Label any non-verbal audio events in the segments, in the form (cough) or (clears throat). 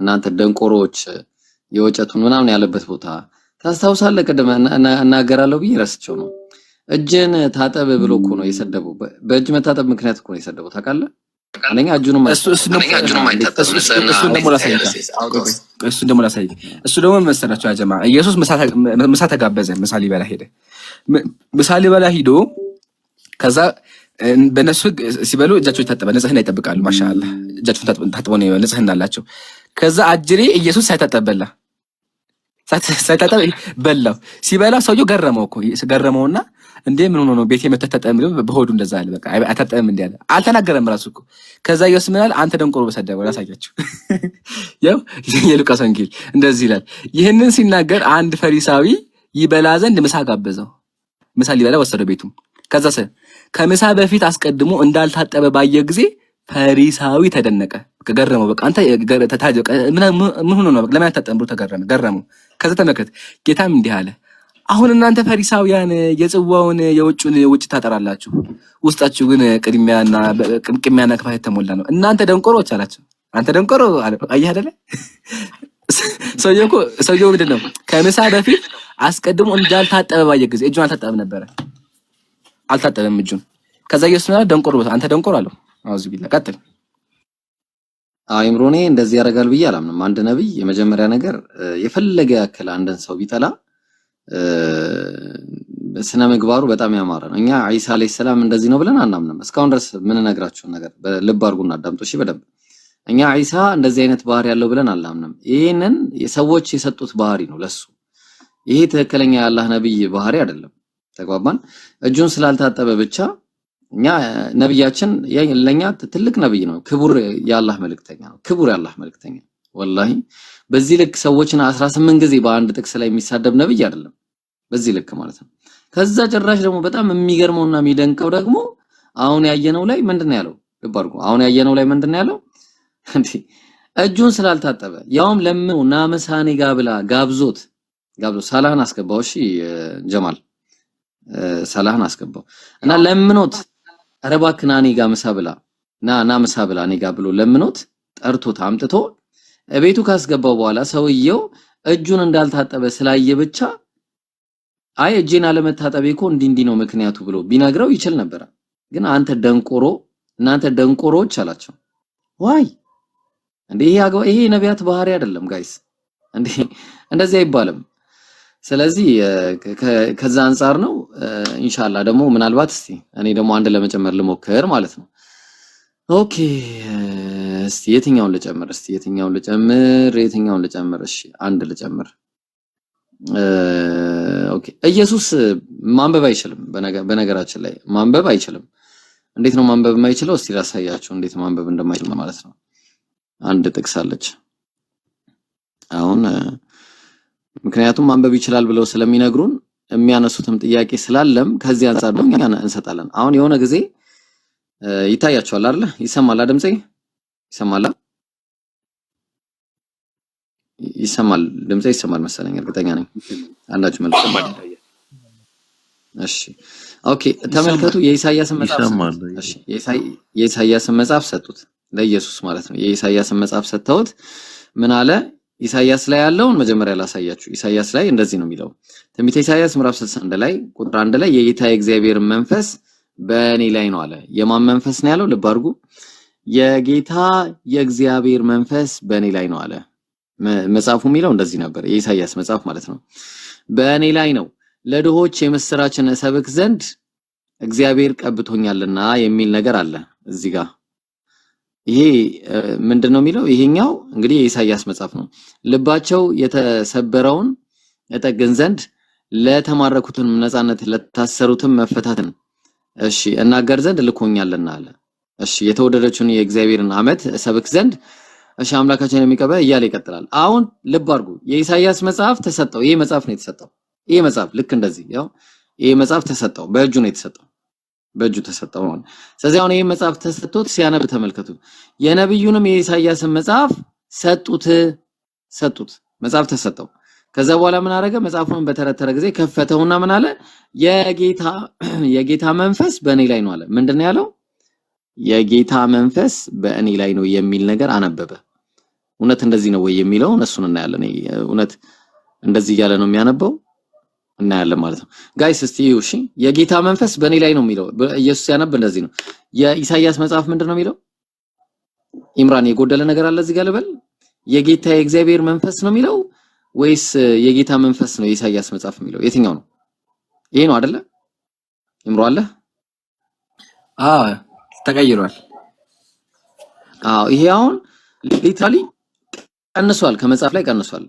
እናንተ ደንቆሮዎች የወጨቱን ምናምን ያለበት ቦታ ታስታውሳለ? ቅድመ እናገራለሁ ብዬ ረስቸው ነው። እጅን ታጠብ ብሎ እኮ ነው የሰደቡ። በእጅ መታጠብ ምክንያት እኮ ነው የሰደቡ። ታውቃለህ? አንደኛ እጁንም እሱን ደግሞ ላሳይ። እሱ ደግሞ መሰላቸው አጀማ ኢየሱስ ምሳ ተጋበዘ። ምሳ ሊበላ ሄደ። ምሳ ሊበላ ሂዶ ከዛ በእነሱ ህግ ሲበሉ እጃቸው ይታጠበ ንጽህና ይጠብቃሉ። ማሻላ እጃቸውን ታጥበው ነው ንጽህና አላቸው። ከዛ አጅሬ ኢየሱስ ሳይታጠብ በላ። ሳይታጠብ በላው። ሲበላው ሰውየው ገረመው እኮ ገረመውና እንዴ ምን ሆኖ ነው ቤቴ መተታጠም ብሎ በሆዱ እንደዛ አለ። በቃ አታጠም እንዴ አለ። አልተናገረም ራሱ እኮ። ከዛ ኢየሱስ ምን አለ? አንተ ደንቆሮ በሰደበው ላሳያችሁ። (laughs) ያው የሉቃስ ወንጌል እንደዚህ ይላል። ይህንን ሲናገር አንድ ፈሪሳዊ ይበላ ዘንድ ምሳ ጋበዘው። ምሳ ሊበላ ወሰደው ቤቱ። ከዛ ከምሳ በፊት አስቀድሞ እንዳልታጠበ ባየ ጊዜ ፈሪሳዊ ተደነቀ፣ ገረመው። በቃ አንተ ምን ሆኖ ነው? ለምን አታጠምሩ? ተገረመ፣ ገረመው። ከዛ ተመልከት፣ ጌታም እንዲህ አለ፣ አሁን እናንተ ፈሪሳውያን የጽዋውን የውጭን ውጭ ታጠራላችሁ፣ ውስጣችሁ ግን ቅድሚያና ቅምቅሚያና ክፋት የተሞላ ነው። እናንተ ደንቆሮች አላቸው። አንተ ደንቆሮ አየህ አይደለ? ሰውየው ሰውየው ምንድን ነው ከምሳ በፊት አስቀድሞ እንዳልታጠበ ባየ ጊዜ እጁን አልታጠበም ነበረ፣ አልታጠበም እጁን። ከዛ ኢየሱስ ደንቆሮ አንተ ደንቆሮ አለው አዙ ቢላ ቀጥል። አይምሮኔ እንደዚህ ያደርጋል ብዬ አላምንም። አንድ ነብይ የመጀመሪያ ነገር የፈለገ ያክል አንድን ሰው ቢጠላ ስነ ምግባሩ በጣም ያማረ ነው። እኛ ዒሳ አለይሂ ሰላም እንደዚህ ነው ብለን አናምንም። እስካሁን ድረስ ምን እነግራችሁን ነገር ልብ አድርጉና አዳምጡ እሺ በደንብ። እኛ ዒሳ እንደዚህ አይነት ባህሪ ያለው ብለን አላምንም። ይህንን ሰዎች የሰጡት ባህሪ ነው ለሱ። ይሄ ትክክለኛ የአላህ ነብይ ባህሪ አይደለም። ተግባባን። እጁን ስላልታጠበ ብቻ እኛ ነብያችን ለኛ ትልቅ ነብይ ነው። ክቡር የአላህ መልክተኛ ነው። ክቡር የአላህ መልክተኛ ወላሂ፣ በዚህ ልክ ሰዎችን 18 ጊዜ በአንድ ጥቅስ ላይ የሚሳደብ ነብይ አይደለም። በዚህ ልክ ማለት ነው። ከዛ ጭራሽ ደግሞ በጣም የሚገርመውና የሚደንቀው ደግሞ አሁን ያየነው ላይ ምንድነው ያለው? ልብ አድርጉ። አሁን ያየነው ላይ ምንድነው ያለው? እጁን ስላልታጠበ ያውም ለምን ናመሳኔ ጋብላ ጋብዞት ጋብዞ ሰላህን አስገባው። እሺ ጀማል ሰላህን አስገባው እና ለምኖት ኧረ እባክህ ና እኔ ጋር ምሳ ብላ ና ና ምሳ ብላ እኔ ጋር ብሎ ለምኖት ጠርቶት አምጥቶ ቤቱ ካስገባው በኋላ ሰውየው እጁን እንዳልታጠበ ስላየ ብቻ አይ እጄን አለመታጠቤ እኮ እንዲህ እንዲህ ነው ምክንያቱ ብሎ ቢነግረው ይችል ነበረ። ግን አንተ ደንቆሮ፣ እናንተ ደንቆሮዎች አላቸው። ዋይ እንዴ! ይሄ ነቢያት ባህሪ አይደለም ጋይስ፣ እንዴ! እንደዚህ አይባልም። ስለዚህ ከዛ አንጻር ነው። ኢንሻላ ደግሞ ምናልባት እስቲ እኔ ደግሞ አንድ ለመጨመር ልሞክር ማለት ነው። ኦኬ እስቲ የትኛውን ልጨምር? እስቲ የትኛውን ልጨምር? የትኛውን ልጨምር? እሺ አንድ ልጨምር። ኦኬ ኢየሱስ ማንበብ አይችልም። በነገራችን ላይ ማንበብ አይችልም። እንዴት ነው ማንበብ የማይችለው? እስቲ ላሳያችሁ እንዴት ማንበብ እንደማይችል ማለት ነው። አንድ ጥቅስ አለች አሁን ምክንያቱም ማንበብ ይችላል ብለው ስለሚነግሩን የሚያነሱትም ጥያቄ ስላለም ከዚህ አንጻር ደግሞ እንሰጣለን። አሁን የሆነ ጊዜ ይታያቸዋል አይደለ? ይሰማላ? ድምጼ ይሰማላ? ይሰማል ድምጼ ይሰማል መሰለኝ፣ እርግጠኛ ነኝ። አንዳች መልስ እሺ፣ ኦኬ። ተመልከቱ፣ የኢሳያስን መጽሐፍ እሺ፣ የኢሳያስን መጽሐፍ ሰጡት፣ ለኢየሱስ ማለት ነው። የኢሳያስን መጽሐፍ ሰጥተውት ምን አለ? ኢሳያስ ላይ ያለውን መጀመሪያ ላሳያችሁ። ኢሳያስ ላይ እንደዚህ ነው የሚለው ትንቢተ ኢሳያስ ምዕራፍ 61 ላይ ቁጥር አንድ ላይ የጌታ የእግዚአብሔር መንፈስ በእኔ ላይ ነው አለ። የማን መንፈስ ነው ያለው? ልብ አድርጉ። የጌታ የእግዚአብሔር መንፈስ በእኔ ላይ ነው አለ። መጽሐፉ የሚለው እንደዚህ ነበር፣ የኢሳያስ መጽሐፍ ማለት ነው። በእኔ ላይ ነው ለድሆች የምስራችን እሰብክ ዘንድ እግዚአብሔር ቀብቶኛልና የሚል ነገር አለ እዚህ ጋር ይሄ ምንድን ነው የሚለው? ይሄኛው እንግዲህ የኢሳያስ መጽሐፍ ነው። ልባቸው የተሰበረውን እጠግን ዘንድ ለተማረኩትም ነፃነት ለታሰሩትም መፈታትን እሺ እናገር ዘንድ ልኮኛልና አለ። እሺ የተወደደችውን የእግዚአብሔርን ዓመት ሰብክ ዘንድ እሺ አምላካችን የሚቀበ እያለ ይቀጥላል። አሁን ልብ አድርጉ። የኢሳያስ መጽሐፍ ተሰጠው። ይሄ መጽሐፍ ነው የተሰጠው። ይሄ መጽሐፍ ልክ እንደዚህ ያው ይሄ መጽሐፍ ተሰጠው፣ በእጁ ነው የተሰጠው። በእጁ ተሰጠው ነው። ስለዚህ አሁን ይህ መጽሐፍ ተሰጥቶት ሲያነብ ተመልከቱ። የነብዩንም የኢሳያስን መጽሐፍ ሰጡት ሰጡት መጽሐፍ ተሰጠው። ከዛ በኋላ ምን አደረገ? መጽሐፉን በተረተረ ጊዜ ከፈተውና ምን አለ? የጌታ (clears throat) የጌታ መንፈስ በእኔ ላይ ነው አለ። ምንድን ነው ያለው? የጌታ መንፈስ በእኔ ላይ ነው የሚል ነገር አነበበ። እውነት እንደዚህ ነው ወይ የሚለውን እሱን እናያለን። እውነት እንደዚህ እያለ ነው የሚያነበው እናያለን ማለት ነው። ጋይስ እስቲ እሺ። የጌታ መንፈስ በእኔ ላይ ነው የሚለው ኢየሱስ ያነብ እንደዚህ ነው። የኢሳይያስ መጽሐፍ ምንድን ነው የሚለው? ኢምራን የጎደለ ነገር አለ እዚህ ጋር ልበል? የጌታ የእግዚአብሔር መንፈስ ነው የሚለው ወይስ የጌታ መንፈስ ነው የኢሳይያስ መጽሐፍ የሚለው የትኛው ነው? ይሄ ነው አይደለ? ኢምሮ አለ? አዎ ተቀይሯል። አዎ ይሄ አሁን ሊትራሊ ቀንሷል፣ ከመጽሐፍ ላይ ቀንሷል።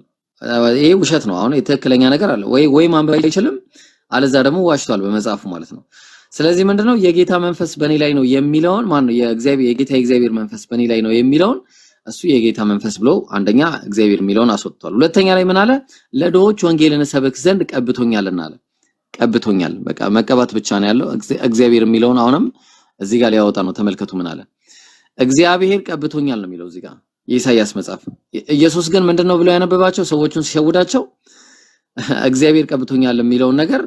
ይሄ ውሸት ነው። አሁን የትክክለኛ ነገር አለ ወይ ወይ ማንበብ አይችልም፣ አለዛ ደግሞ ዋሽቷል በመጽሐፉ ማለት ነው። ስለዚህ ምንድነው የጌታ መንፈስ በእኔ ላይ ነው የሚለውን ማን ነው የእግዚአብሔር የጌታ የእግዚአብሔር መንፈስ በእኔ ላይ ነው የሚለውን እሱ የጌታ መንፈስ ብሎ አንደኛ እግዚአብሔር የሚለውን አስወጥቷል። ሁለተኛ ላይ ምን አለ? ለድሆች ወንጌልን ሰበክ ዘንድ ቀብቶኛልና አለ። ቀብቶኛል በቃ መቀባት ብቻ ነው ያለው። እግዚአብሔር የሚለውን አሁንም እዚህ ጋር ሊያወጣ ነው። ተመልከቱ ምን አለ? እግዚአብሔር ቀብቶኛል ነው የሚለው እዚህ ጋር የኢሳያስ መጽሐፍ። ኢየሱስ ግን ምንድነው ብሎ ያነበባቸው ሰዎቹን ሲሸውዳቸው እግዚአብሔር ቀብቶኛል የሚለውን ነገር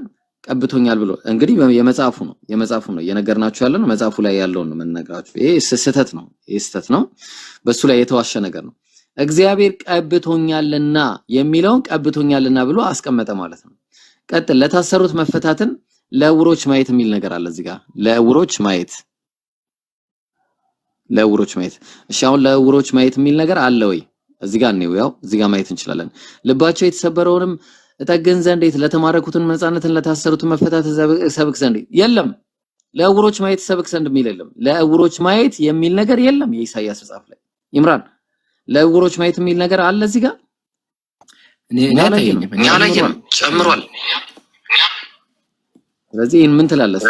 ቀብቶኛል ብሎ እንግዲህ የመጽሐፉ ነው የመጽሐፉ ነው እየነገርናችሁ ያለ ነው። መጽሐፉ ላይ ያለውን ነው የምንነግራችሁ። ይሄ ስህተት ነው፣ ይሄ ስህተት ነው። በሱ ላይ የተዋሸ ነገር ነው። እግዚአብሔር ቀብቶኛልና የሚለውን ቀብቶኛልና ብሎ አስቀመጠ ማለት ነው። ቀጥል ለታሰሩት መፈታትን ለዕውሮች ማየት የሚል ነገር አለ እዚህ ጋር ለዕውሮች ማየት ለዕውሮች ማየት። እሺ አሁን ለዕውሮች ማየት የሚል ነገር አለ ወይ? እዚህ ጋር ነው ያው እዚህ ጋር ማየት እንችላለን። ልባቸው የተሰበረውንም እጠግን ዘንድ ለተማረኩትን ነፃነትን፣ ለታሰሩትን መፈታት ሰብክ ዘንድ የለም። ለዕውሮች ማየት ሰብክ ዘንድ የሚል የለም። ለዕውሮች ማየት የሚል ነገር የለም። የኢሳይያስ መጽሐፍ ላይ ይምራን ለዕውሮች ማየት የሚል ነገር አለ እዚህ ጋር እኔ አላየንም፣ ጨምሯል። ስለዚህ ምን ትላለህ?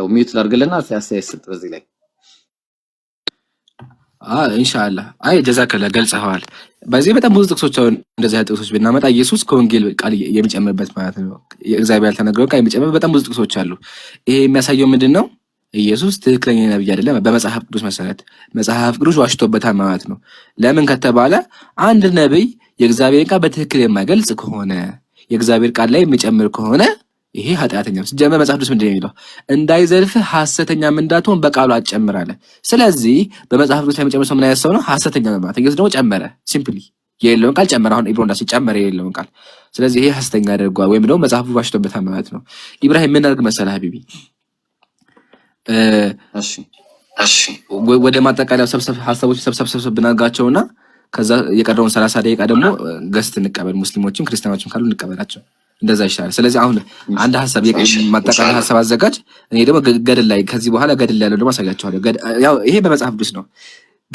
ያው ሚዩት ላድርግልና አስተያየት ስጥ በዚህ ላይ እንሻላ አይ ጀዛከላ ገልጸኸዋል። በዚህ በጣም ብዙ ጥቅሶች አሁን እንደዚህ አይነት ጥቅሶች ብናመጣ ኢየሱስ ከወንጌል ቃል የሚጨምርበት ማለት ነው የእግዚአብሔር ያልተነገረው ቃል የሚጨምርበት በጣም ብዙ ጥቅሶች አሉ። ይሄ የሚያሳየው ምንድን ነው? ኢየሱስ ትክክለኛ ነብይ አይደለም በመጽሐፍ ቅዱስ መሰረት። መጽሐፍ ቅዱስ ዋሽቶበታል ማለት ነው። ለምን ከተባለ አንድ ነብይ የእግዚአብሔር ቃል በትክክል የማይገልጽ ከሆነ የእግዚአብሔር ቃል ላይ የሚጨምር ከሆነ ይሄ ኃጢአተኛ ሲጀመር መጽሐፍ ቅዱስ ምንድን የሚለው? እንዳይዘልፍህ ሐሰተኛም እንዳትሆን በቃሉ አትጨምራለህ። ስለዚህ በመጽሐፍ ቅዱስ ላይ መጨመር ሰው ምን አይነት ሰው ነው? ሐሰተኛ በማለት ኢየሱስ ደግሞ ጨመረ። ሲምፕሊ የሌለውን ቃል ጨመረ። አሁን ኢብሮ ጨመረ የሌለውን ቃል ስለዚህ ይሄ ሐሰተኛ አድርጓል፣ ወይም ደግሞ መጽሐፉ ባሽቶበታል ማለት ነው። ኢብራሂም ምን አድርግ መሰለህ ሀቢቢ፣ ወደ ሰብሰብ ሀሳቦች ሰብሰብ ሰብሰብ ብናርጋቸውና ከዛ የቀረውን ሰላሳ ደቂቃ ደግሞ ገስት እንቀበል። ሙስሊሞችም ክርስቲያኖችም ካሉ እንቀበላቸው። እንደዛ ይሻላል። ስለዚህ አሁን አንድ ሀሳብ ማጠቃለያ ሀሳብ አዘጋጅ። እኔ ደግሞ ገድል ላይ ከዚህ በኋላ ገድል ላይ ያለው ደግሞ አሳያቸዋለሁ። ያው ይሄ በመጽሐፍ ቅዱስ ነው።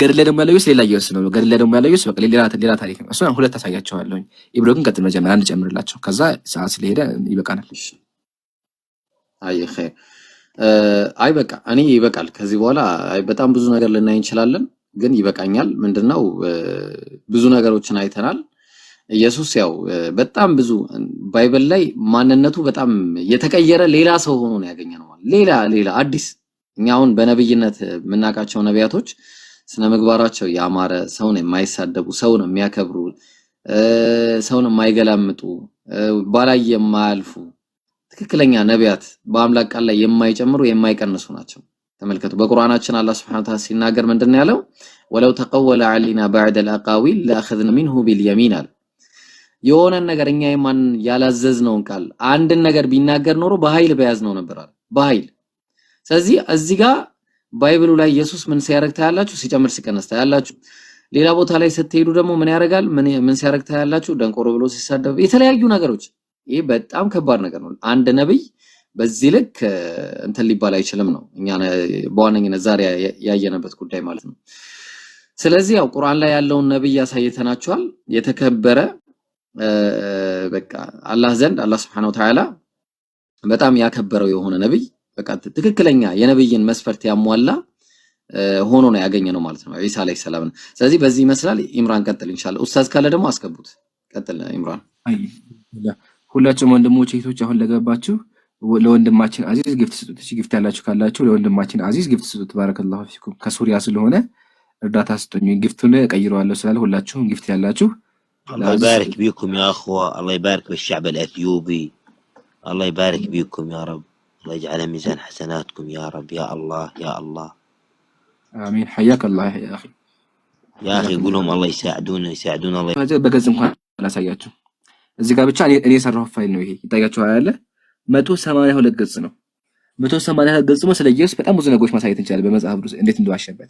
ገድል ላይ ደግሞ ያለው ዩስ ሌላ እየወስ ነው። ገድል ላይ ደግሞ ያለው ዩስ በቃ ሌላ ታሪክ ነው። እሱን ሁለት አሳያቸዋለሁ። ኢብሮ ግን ቀጥል፣ መጀመሪያ አንድ ጨምርላቸው፣ ከዛ ሰዓት ስለሄደ ይበቃናል። አይ አይ በቃ እኔ ይበቃል። ከዚህ በኋላ በጣም ብዙ ነገር ልናይ እንችላለን፣ ግን ይበቃኛል። ምንድነው ብዙ ነገሮችን አይተናል። ኢየሱስ ያው በጣም ብዙ ባይበል ላይ ማንነቱ በጣም የተቀየረ ሌላ ሰው ሆኖ ነው ያገኘነው። ሌላ ሌላ አዲስ እኛ አሁን በነብይነት የምናውቃቸው ነቢያቶች ስነ ምግባራቸው ያማረ፣ ሰውን የማይሳደቡ፣ ሰውን የሚያከብሩ፣ ሰውን የማይገላምጡ፣ ባላይ የማያልፉ ትክክለኛ ነቢያት በአምላክ ቃል ላይ የማይጨምሩ የማይቀንሱ ናቸው። ተመልከቱ በቁርአናችን አላህ Subhanahu Ta'ala ሲናገር ምንድነው ያለው? ወለው ተቀወለ ዐለይና ባዕደል አቃዊል ለአኸዝና ሚንሁ ቢልየሚን አለ የሆነን ነገር እኛ የማን ያላዘዝነውን ቃል አንድን ነገር ቢናገር ኖሮ በኃይል በያዝነው ነበር አለ። በኃይል ስለዚህ እዚህ ጋር ባይብሉ ላይ ኢየሱስ ምን ሲያደርግ ታያላችሁ? ሲጨምር ሲቀነስ ታያላችሁ። ሌላ ቦታ ላይ ስትሄዱ ደግሞ ምን ያደርጋል? ምን ሲያደርግ ታያላችሁ? ደንቆሮ ብሎ ሲሳደብ፣ የተለያዩ ነገሮች። ይህ በጣም ከባድ ነገር ነው። አንድ ነብይ በዚህ ልክ እንትን ሊባል አይችልም ነው እኛ በዋነኝነት ዛሬ ያየነበት ጉዳይ ማለት ነው። ስለዚህ ያው ቁርአን ላይ ያለውን ነብይ ያሳየተናቸዋል የተከበረ በቃ አላህ ዘንድ አላህ Subhanahu Wa Ta'ala በጣም ያከበረው የሆነ ነብይ በቃ ትክክለኛ የነብይን መስፈርት ያሟላ ሆኖ ነው ያገኘ ነው ማለት ነው ኢሳ አለይሂ ሰላም። ስለዚህ በዚህ ይመስላል። ኢምራን ቀጥል ኢንሻአላህ። ኡስታዝ ካለ ደግሞ አስገቡት። ቀጥል ኢምራን። ሁላችሁም ወንድሞች እህቶች፣ አሁን ለገባችሁ ለወንድማችን አዚዝ ግፍት ስጡት። እሺ ግፍት ያላችሁ ካላችሁ ለወንድማችን አዚዝ ግፍት ስጡት። ባረከላሁ ፊኩም ከሱሪያ ስለሆነ እርዳታ ስጡኝ። ግፍቱን ቀይረዋለሁ ስላለ ሁላችሁም ግፍት ያላችሁ الله نعم. يبارك بكم يا أخوة الله يبارك بالشعب الأثيوبي الله يبارك بكم يا رب الله يجعل ميزان حسناتكم يا رب يا الله يا الله آمين حياك الله يا أخي يا أخي قول لهم الله يساعدونا يساعدونا الله ما زال بقزم خان لا سيأتو إذا قابل شعني أني سرح فاين نوهي يطاقة شعالة ما تو سمانة هو لقزنو ما تو سمانة هو لقزنو سلا يوس بل أموزنا قوش ما سايتن شعالة بمزاها فروس إنديت ندو عشان بات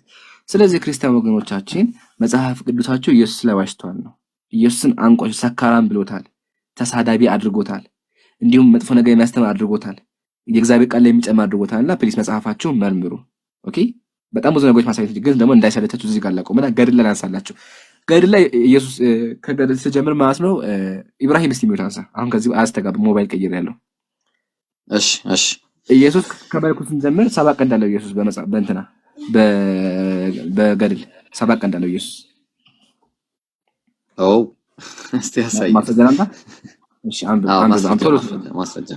سلا زي كريستان وقنو تشاتشين مزاها فقدو تشاتشو واشتوانو ኢየሱስን አንቋሽ ሰካራም ብሎታል። ተሳዳቢ አድርጎታል። እንዲሁም መጥፎ ነገር የሚያስተምር አድርጎታል። የእግዚአብሔር ቃል ላይ የሚጨምር አድርጎታል። እና ፕሊስ መጽሐፋችሁ መርምሩ። ኦኬ በጣም ብዙ ነገሮች ማሳየት ግን ደግሞ እንዳይሰለቻችሁ እዚህ ጋር ላቆም እና ገድል ላይ ገድል ላይ ኢየሱስ ከገድል ስጀምር ማለት ነው። ኢብራሂም እስቲ የሚሉት አንሳ። አሁን ከዚህ አያስተጋብም። ሞባይል ቀይር ያለው እሺ፣ እሺ። ኢየሱስ ከመለኮት ስንጀምር ሰባት ቀን እንዳለው ኢየሱስ በእንትና በገድል ሰባት ቀን እንዳለው ኢየሱስ ማስረጃ ናምጣ። ማስረጃ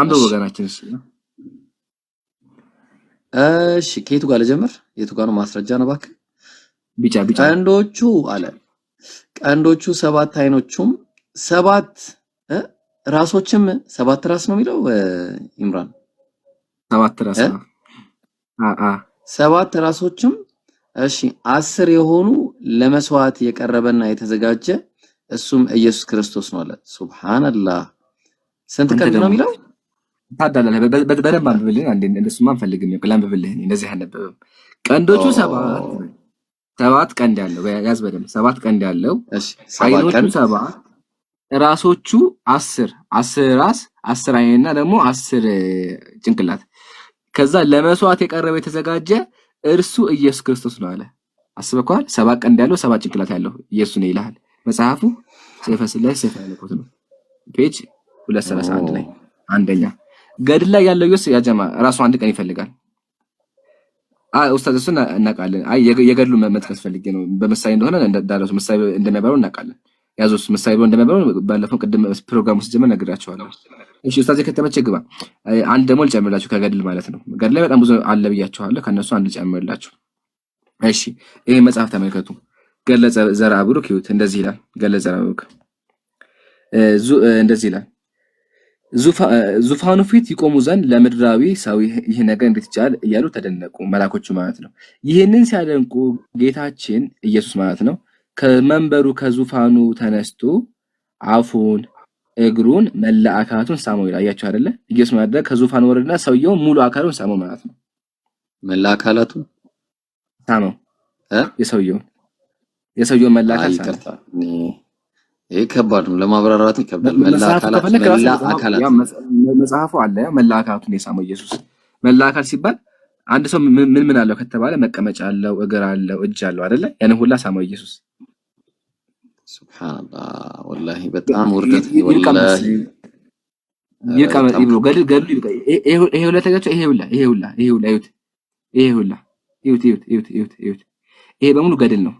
አንዱ ወገናችን እሱ እሺ ከየቱ ጋር ልጀምር? የቱ ጋር ነው ማስረጃ ነው? እባክህ ቢጫ ቢጫ ቀንዶቹ አለ ቀንዶቹ ሰባት አይኖቹም ሰባት ራሶችም ሰባት ራስ ነው የሚለው ኢምራን ሰባት ራስ ሰባት ራሶችም እሺ አስር የሆኑ ለመስዋዕት የቀረበና የተዘጋጀ እሱም ኢየሱስ ክርስቶስ ነው አለ። ሱብሃንአላህ ስንት ቀን ነው የሚለው? ታዳለለ በደንብ አንብብልህ። አንዴ እንደሱም አንፈልግም። ይቅላም አንብብልህ። እንደዚህ አነበብም። ቀንዶቹ ሰባት ሰባት ቀንድ ያለው ያዝ፣ በደንብ ሰባት ቀንድ ያለው እሺ፣ አይኖቹ ሰባት ራሶቹ አስር አስር ራስ አስር አይንና ደግሞ አስር ጭንቅላት ከዛ ለመስዋዕት የቀረበ የተዘጋጀ እርሱ ኢየሱስ ክርስቶስ ነው አለ። አስበከዋል። ሰባት ቀንድ ያለው ሰባት ጭንቅላት ያለው ኢየሱስ ነው ይልሃል መጽሐፉ። ሰይፈ ሥላሴ ሰይፈ መለኮት ነው ፔጅ 231 ላይ አንደኛ ገድል ላይ ያለው ኢየሱስ ያጀማ ራሱ አንድ ቀን ይፈልጋል። አይ ኡስታዝ እሱን እናውቃለን። አይ የገድሉ መጥቀስ ፈልጌ ነው በምሳሌ እንደሆነ እንዳደረሱ ምሳሌ እንደሚያበረው እናውቃለን። ያዞስ ምሳሌ እንደነበረው ባለፈው ቅድም ፕሮግራሙ ሲጀመር ጀመር ነግራቸዋለሁ። እሺ ኡስታዝ የከተመች ግባ። አንድ ደግሞ ልጨምርላችሁ ከገድል ማለት ነው። ገድል ላይ በጣም ብዙ አለ ብያችኋለሁ። ከእነሱ አንድ ልጨምርላችሁ። እሺ ይህ መጽሐፍ ተመልከቱ። ገድለ ዘርአ ብሩክ ይሁት እንደዚህ ይላል። ገድለ ዘርአ ብሩክ እንደዚህ ይላል። ዙፋኑ ፊት ይቆሙ ዘንድ ለምድራዊ ሰው ይህ ነገር እንዴት ይቻል እያሉ ተደነቁ፣ መላኮቹ ማለት ነው። ይህንን ሲያደንቁ ጌታችን ኢየሱስ ማለት ነው ከመንበሩ ከዙፋኑ ተነስቶ አፉን እግሩን መላ አካላቱን ሳመው ይላል። አያችሁ አይደለ? ኢየሱስ ማድረግ ከዙፋን ወረደና ሰውየው ሙሉ አካሉን ሳመው ማለት ነው። መላ አካላቱን ሳመው እ የሰውየው የሰውየው መላ አካል ሳመው። ይሄ ከባድ ነው ለማብራራት ይከብዳል። መላ አካላት መላ አካላት መጽሐፉ አለ። መላ አካላቱን የሳመው ኢየሱስ መላ አካል ሲባል አንድ ሰው ምን ምን አለው ከተባለ መቀመጫ አለው፣ እግር አለው፣ እጅ አለው አይደለ? ያን ሁላ ሳመው ኢየሱስ ሱብሃነላህ ወላሂ በጣም ውርደት ወላሂ ይብሉ ገድል ገድል ይብቀይ ይሄ ሁላ ተገጨ። ይሄ ሁላ ይሄ ሁላ ይሄ ሁላ ይሁት ይሄ ሁላ ይሁት ይሁት ይሁት ይሁት ይሁት ይሄ በሙሉ ገድል ነው።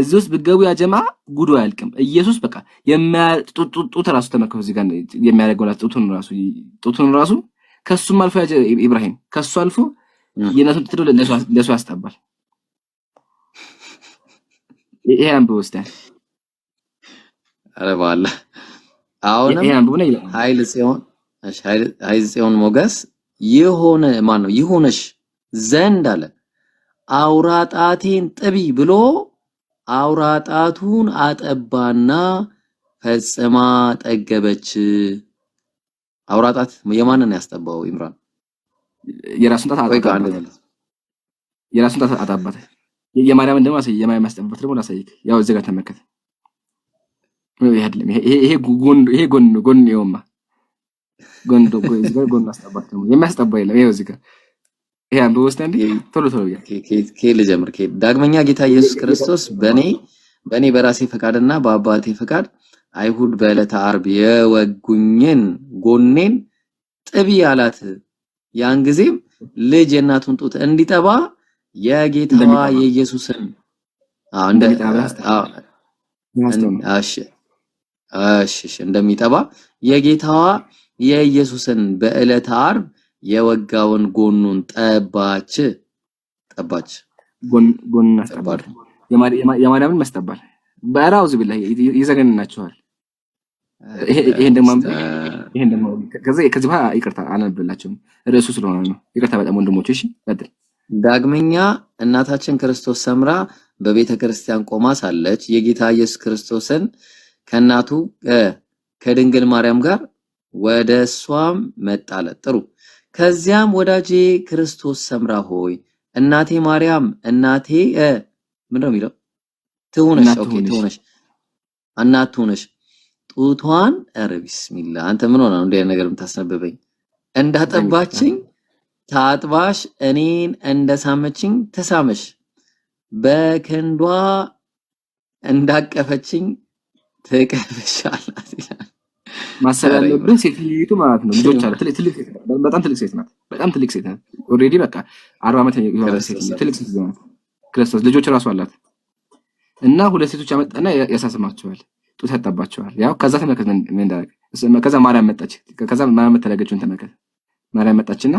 እዚህ ውስጥ ብገቡ ያ ጀማ ጉዱ አያልቅም። ኢየሱስ በቃ የማያጡጡት ራሱ ተመከፈ እዚህ ጋር የሚያደርገው ራሱ ጡቱን ራሱ ጡቱን ራሱ ከሱም አልፎ ያ ኢብራሂም ከሱ አልፎ የእናቱን ጡት ለሱ ያስጠባል። (laughs) ይሄ አንብቦ ወስዳል አረ በኋላ አሁንም ኃይል ጽዮን እሺ፣ ኃይል ጽዮን ሞገስ የሆነ ማን ነው ይሆነሽ ዘንድ አለ አውራጣቴን ጥቢ ብሎ አውራጣቱን አጠባና ፈጽማ ጠገበች። አውራጣት የማንን ያስጠባው? ኢምራን የራሱን ጣት አጠባ፣ የራሱን ጣት አጠባ። የማርያምን ደግሞ አሳይ። የማርያም ያስጠባበት ደግሞ ላሳይክ። ያው እዚህ ጋር ተመልከተ አይደለም ይሄ ጎን ይሄ ጎን ጎን ይኸውማ ጎን ዶ ጎን ጎን አስጠባት ነው የሚያስጠባ የለም። ይሄው እዚህ ጋር ይሄ አንዱ ውስጥ እንዴ ቶሎ ቶሎ ያ ከ ልጀምር። ከ ዳግመኛ ጌታ ኢየሱስ ክርስቶስ በኔ በኔ በራሴ ፈቃድና በአባቴ ፈቃድ አይሁድ በዕለተ ዓርብ የወጉኝን ጎኔን ጥቢ አላት። ያን ጊዜም ልጅ የእናቱን ጡት እንዲጠባ የጌታዋ የኢየሱስን አንደ አሽ እሺ እንደሚጠባ የጌታዋ የኢየሱስን በዕለተ አርብ የወጋውን ጎኑን ጠባች ጠባች ጎን ጎን አስተባር የማርያምን ማስተባር በራውዝ ቢላ ይዘገንናችኋል። ይሄ ደግሞ ይሄ ደግሞ ከዚህ ከዚህ በኋላ ይቅርታ አላነብላችሁም ርዕሱ ስለሆነ ነው። ይቅርታ በጣም ወንድሞች። እሺ ቀጥል። ዳግመኛ እናታችን ክርስቶስ ሰምራ በቤተ ክርስቲያን ቆማ ሳለች የጌታ ኢየሱስ ክርስቶስን ከእናቱ ከድንግል ማርያም ጋር ወደ እሷም መጣለ። ጥሩ። ከዚያም ወዳጄ ክርስቶስ ሰምራ ሆይ እናቴ ማርያም እናቴ ምን ነው የሚለው? ትሁነሽ። ኦኬ ትሁነሽ፣ እናት ትሁነሽ። ጡቷን ኧረ ቢስሚላ አንተ ምን ሆነ ነው እንደ ነገር የምታስነብበኝ? እንዳጠባችኝ ታጥባሽ፣ እኔን እንደሳመችኝ ተሳመሽ፣ በክንዷ እንዳቀፈችኝ ተቀብሻላት ይላል። ማሰብ ሴትዮቱ ማለት ነው። ልጆች አለ ትልቅ በጣም ትልቅ ሴት ናት። በጣም ትልቅ ሴት ናት። ኦልሬዲ በቃ አርባ ዓመት ክርስቶስ ልጆች እራሱ አላት እና ሁለት ሴቶች ያመጣና ያሳስማቸዋል፣ ጡት ያው ከዛ ከዛ ማርያም መጣች። ከዛ ማርያም ማርያም መጣችና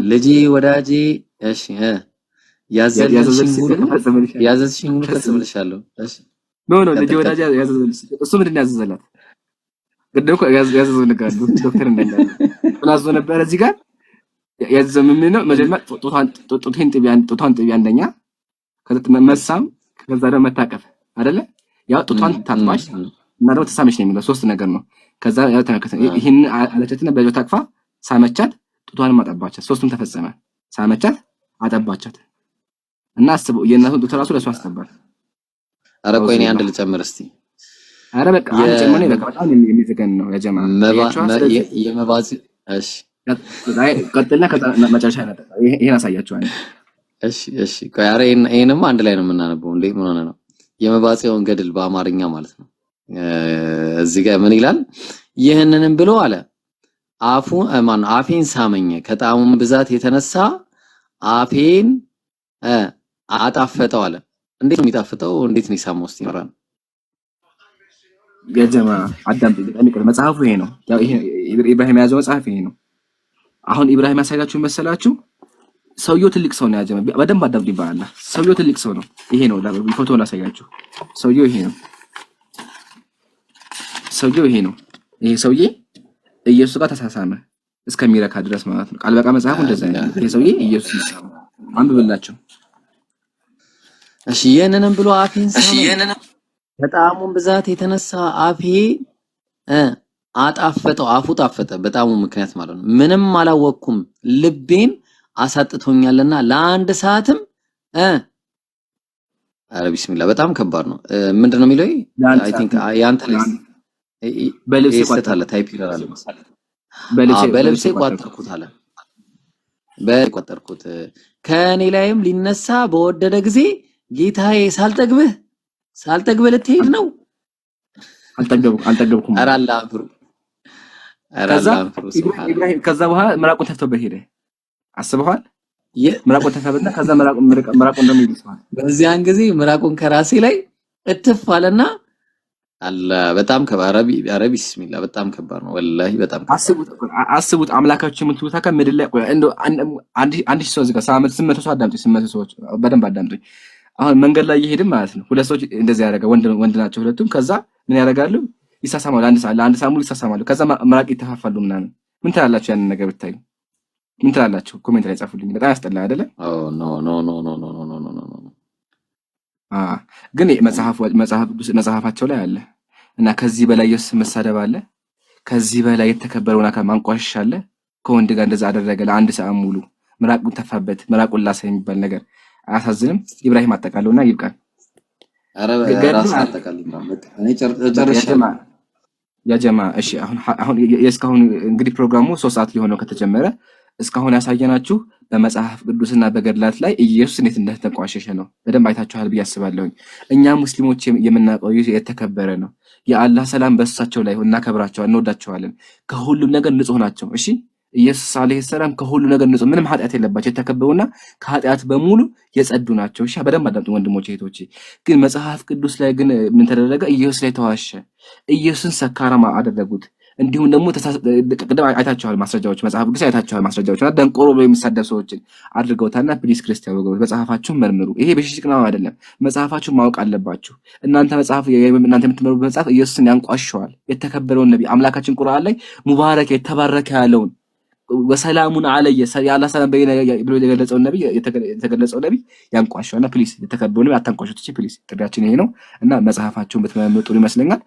ወዳጄ፣ እሺ ያዘዝሽኝ ሁሉ ፈጽምልሻለሁ። እሺ ኖ ልጅ ወዳጅ ያዘዘልሽ እሱ ምንድን ያዘዘላት? እኮ ያዘዘው ነገር ዶክተር ምን አዞ ነበረ እዚህ ጋር ያዘዘው ምን ነው? መጀመሪያ ጡቷን ጥቢ አንደኛ፣ ከዛ መሳም፣ ከዛ ደግሞ መታቀፍ አይደለ? ያው ጡቷን ታጥባሽ እና ደግሞ ተሳመች ነው የሚለው ሶስት ነገር ነው። ከዛ ያው አለቻትና በጆ ታቅፋ ሳመቻት፣ ጡቷንም አጠባቻት። ሶስቱም ተፈጸመ። ሳመቻት፣ አጠባቻት እና አስበው ለእሱ ኧረ ቆይ እኔ አንድ ልጨምር እስቲ። ኧረ በቃ አንድ ጨምር በቃ። በጣም የሚዘገን ነው የጀማ ይሄንማ አንድ ላይ ነው የምናነበው። እንዴ ምን ሆነ ነው የመባጽዮን ገድል በአማርኛ ማለት ነው። እዚህ ጋር ምን ይላል? ይህንንም ብሎ አለ አፉ ማን አፌን ሳመኝ ከጣሙን ብዛት የተነሳ አፌን አጣፈጠው አለ እንዴት ነው የሚጣፍጠው? እንዴት ነው ሳሞ ውስጥ ይኖራል? ገጀማ አዳም መጽሐፉ ይሄ ነው። ኢብራሂም የያዘው መጽሐፍ ይሄ ነው። አሁን ኢብራሂም ያሳያችሁ መሰላችሁ? ሰውየው ትልቅ ሰው ነው። ያጀማ በደንብ አዳም ይባላል። ሰውየው ትልቅ ሰው ነው። ይሄ ነው ፎቶ ላሳያችሁ። ሰውየው ይሄ ነው። ሰውየው ይሄ ነው። ይሄ ሰውዬ ኢየሱስ ጋር ተሳሳመ እስከሚረካ ድረስ ማለት ነው። ቃል በቃ መጽሐፉ እንደዛ ነው። ይሄ ሰውዬ ኢየሱስ ይሳማ አንብብላችሁ እሺ ይህንንም ብሎ አፌን ሳመኝ። በጣሙን ብዛት የተነሳ አፌ አጣፈጠው፣ አፉ ጣፈጠ፣ በጣሙ ምክንያት ማለት ነው። ምንም አላወቅኩም፣ ልቤም አሳጥቶኛልና ለአንድ ሰዓትም አረ ቢስሚላ በጣም ከባድ ነው። ምንድነው የሚለው? አይ ቲንክ ያንተ በልብሴ ቋጠርኩት ታይፕ ይላል። በልብሴ ቋጠርኩት አለ በቋጠርኩት ከእኔ ላይም ሊነሳ በወደደ ጊዜ ጌታዬ ሳልጠግብህ ሳልጠግብህ ልትሄድ ነው። አልጠገብኩም ከዛ በኋላ ምራቁን ተፍቶበት ሄደ። አስበኋል። ምራቁን ከዛ ምራቁን ይልሰዋል። በዚያን ጊዜ ምራቁን ከራሴ ላይ እትፍ አለና በጣም ከባረቢ ቢስሚላ በጣም ከባድ ነው። ወላሂ በጣም አስቡት፣ አምላካችን ምን ላይ አንድ አንድ ሰው እዚህ ጋር ሰው አዳምጡኝ፣ ሰዎች በደንብ አዳምጡኝ። አሁን መንገድ ላይ እየሄድን ማለት ነው። ሁለት ሰዎች እንደዚህ ያደረገ ወንድ ናቸው ሁለቱም። ከዛ ምን ያደርጋሉ? ይሳሳማሉ። ለአንድ ሳሙሉ ይሳሳማሉ። ከዛ ምራቅ ይተፋፋሉ ምናምን። ምን ትላላችሁ? ያንን ነገር ብታዩ ምን ትላላችሁ? ኮሜንት ላይ ጻፉልኝ። በጣም ያስጠላ አይደለ? ግን መጽሐፋቸው ላይ አለ እና ከዚህ በላይ የስ መሳደብ አለ ከዚህ በላይ የተከበረውን አካል ማንቋሸሽ አለ። ከወንድ ጋር እንደዛ አደረገ ለአንድ ሰዓት ሙሉ ምራቁን ተፋበት፣ ምራቁን ላሳ የሚባል ነገር አያሳዝንም? ኢብራሂም አጠቃለውና ይብቃል። ያጀማ እሺ፣ አሁን የእስካሁን እንግዲህ ፕሮግራሙ ሶስት ሰዓት ሊሆነው ከተጀመረ እስካሁን ያሳየናችሁ በመጽሐፍ ቅዱስና በገድላት ላይ ኢየሱስ እንዴት እንደተቋሸሸ ነው። በደንብ አይታችኋል ብዬ አስባለሁኝ። እኛ ሙስሊሞች የምናውቀው የተከበረ ነው። የአላህ ሰላም በእሳቸው ላይ እናከብራቸዋል፣ እንወዳቸዋለን። ከሁሉም ነገር ንጹህ ናቸው። እሺ ኢየሱስ አለይሂ ሰላም ከሁሉ ነገር ንጹህ፣ ምንም ኃጢአት የለባቸው የተከበቡና ከኃጢአት በሙሉ የጸዱ ናቸው። እሺ በደንብ አዳምጡ ወንድሞች እህቶቼ። ግን መጽሐፍ ቅዱስ ላይ ግን ምን ተደረገ? ኢየሱስ ላይ ተዋሸ። ኢየሱስን ሰካራማ አደረጉት። እንዲሁም ደግሞ ቅድም አይታቸዋል ማስረጃዎች፣ መጽሐፍ ቅዱስ አይታቸዋል ማስረጃዎች እና ደንቆሮ ብሎ የሚሳደብ ሰዎችን አድርገውታልና፣ ፕሊስ ክርስቲያን ወገኖች መጽሐፋችሁን መርምሩ። ይሄ በሽሽቅ ነው አይደለም፣ መጽሐፋችሁን ማወቅ አለባችሁ። እናንተ መጽሐፍ እናንተ የምትመሩበት መጽሐፍ ኢየሱስን ያንቋሸዋል። የተከበረውን ነቢ አምላካችን ቁርአን ላይ ሙባረክ የተባረከ ያለውን ወሰላሙን አለየ የአላህ ሰላም በእኔ ብሎ የገለጸውን ነብይ የተገለጸው ነብይ ያንቋሸዋልና ፕሊስ የተከበሉ አታንቋሸቱ። ፕሊስ ጥሪያችን ይሄ ነው እና መጽሐፋችሁን ብትመምጡ ይመስለኛል።